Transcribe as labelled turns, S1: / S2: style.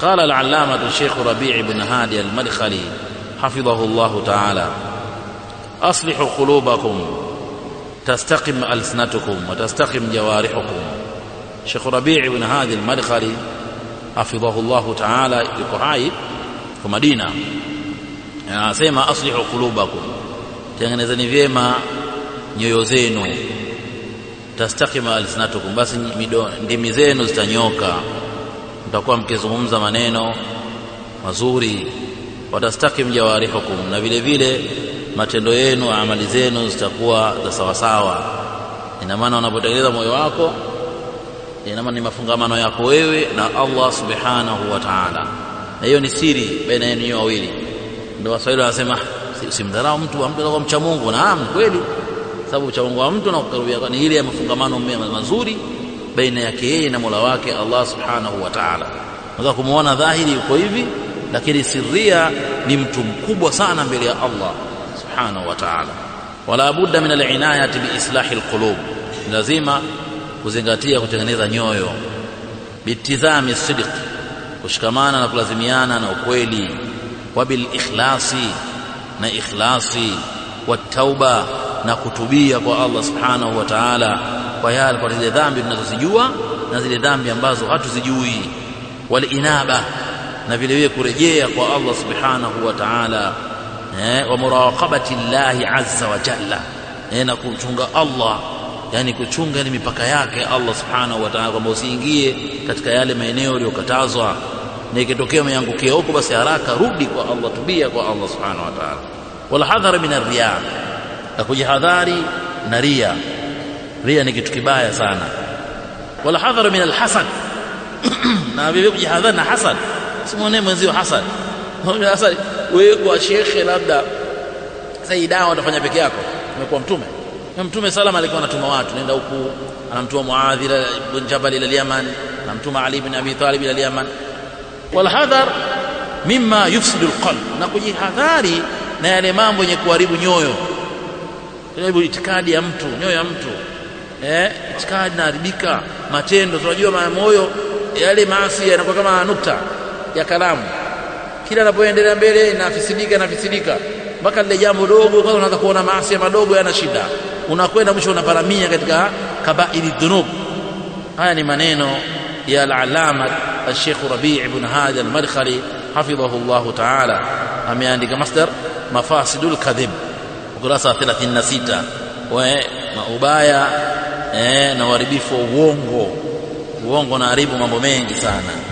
S1: قال العلامة الشيخ ربيع بن هادي المدخلي حفظه الله تعالى أصلحوا قلوبكم تستقم ألسنتكم وتستقم جوارحكم شيخ ربيع بن هادي المدخلي حفظه الله تعالى في hai kwa Madina أصلحوا قلوبكم qulubakum tengenezeni نيوزينو تستقم ألسنتكم بس alsinatukum basi mtakuwa mkizungumza maneno mazuri watastakim jawarihukum na vile vile matendo yenu amali zenu zitakuwa za sawasawa ina maana unapotengeneza moyo wako ina maana ni mafungamano yako wewe na Allah subhanahu wa ta'ala na hiyo ni siri baina yenu wawili ndio waswahili wanasema usimdharau mtu ambaye kwa mcha Mungu naam kweli sababu mcha Mungu wa mtu na kukaribia ni ile ya mafungamano mazuri baina yake yeye na mola wake Allah subhanahu wa ta'ala. Unaweza kumwona dhahiri yuko hivi, lakini sirria ni mtu mkubwa sana mbele ya Allah subhanahu wa ta'ala. Wala budda min alinayati biislahi alqulub, ni lazima kuzingatia kutengeneza nyoyo, bitizami sidq, kushikamana na kulazimiana na ukweli, wa bilikhlasi, na ikhlasi, wa tauba na kutubia kwa Allah subhanahu wa ta'ala kwa yale kwa zile dhambi tunazozijua na zile dhambi ambazo hatuzijui, walinaba na vile vile kurejea kwa Allah subhanahu wa ta'ala eh, wa muraqabati llahi azza wa jalla eh, na kumchunga Allah, yani kuchunga ni mipaka yake Allah subhanahu wa ta'ala, kwamba usiingie katika yale maeneo yaliyokatazwa, na ikitokea umeangukia huko, basi haraka rudi kwa Allah, tubia kwa Allah subhanahu wa ta'ala. Walhadhara min arriya na kujihadhari na ria. Ria ni kitu kibaya sana. Wala hadharu min alhasad na vivyo kujihadhari na hasad. Simwonee mwenzio hasad. Hasad wewe kwa shekhe, labda saida hii peke yako, umekuwa mtume Mtume salam alikuwa anatuma watu, nenda huku, anamtuma Muadh bin Jabal ila Yaman, anamtuma Ali bin Abi Talib ila Yaman. Walhadhar mimma yufsidu alqalb, na kujihadhari na yale mambo yenye kuharibu nyoyo. Kwa eh, itikadi ya mtu, nyoyo ya mtu eh, itikadi inaharibika, matendo tunajua, maana moyo yale maasi yanakuwa kama nukta ya kalamu, kila anapoendelea mbele inafisidika, inafisidika mpaka lile jambo dogo kwanza unaanza kuona maasi ya madogo yana shida, unakwenda mwisho unaparamia katika kabairi dhunub. Haya ni maneno ya al-alama al Rabi' ibn Hadi al hafidhahu Allah ta'ala, ameandika masdar mafasidul kadhib ukurasa wa 36 we maubaya eh, na uharibifu wa uongo uongo unaharibu mambo mengi sana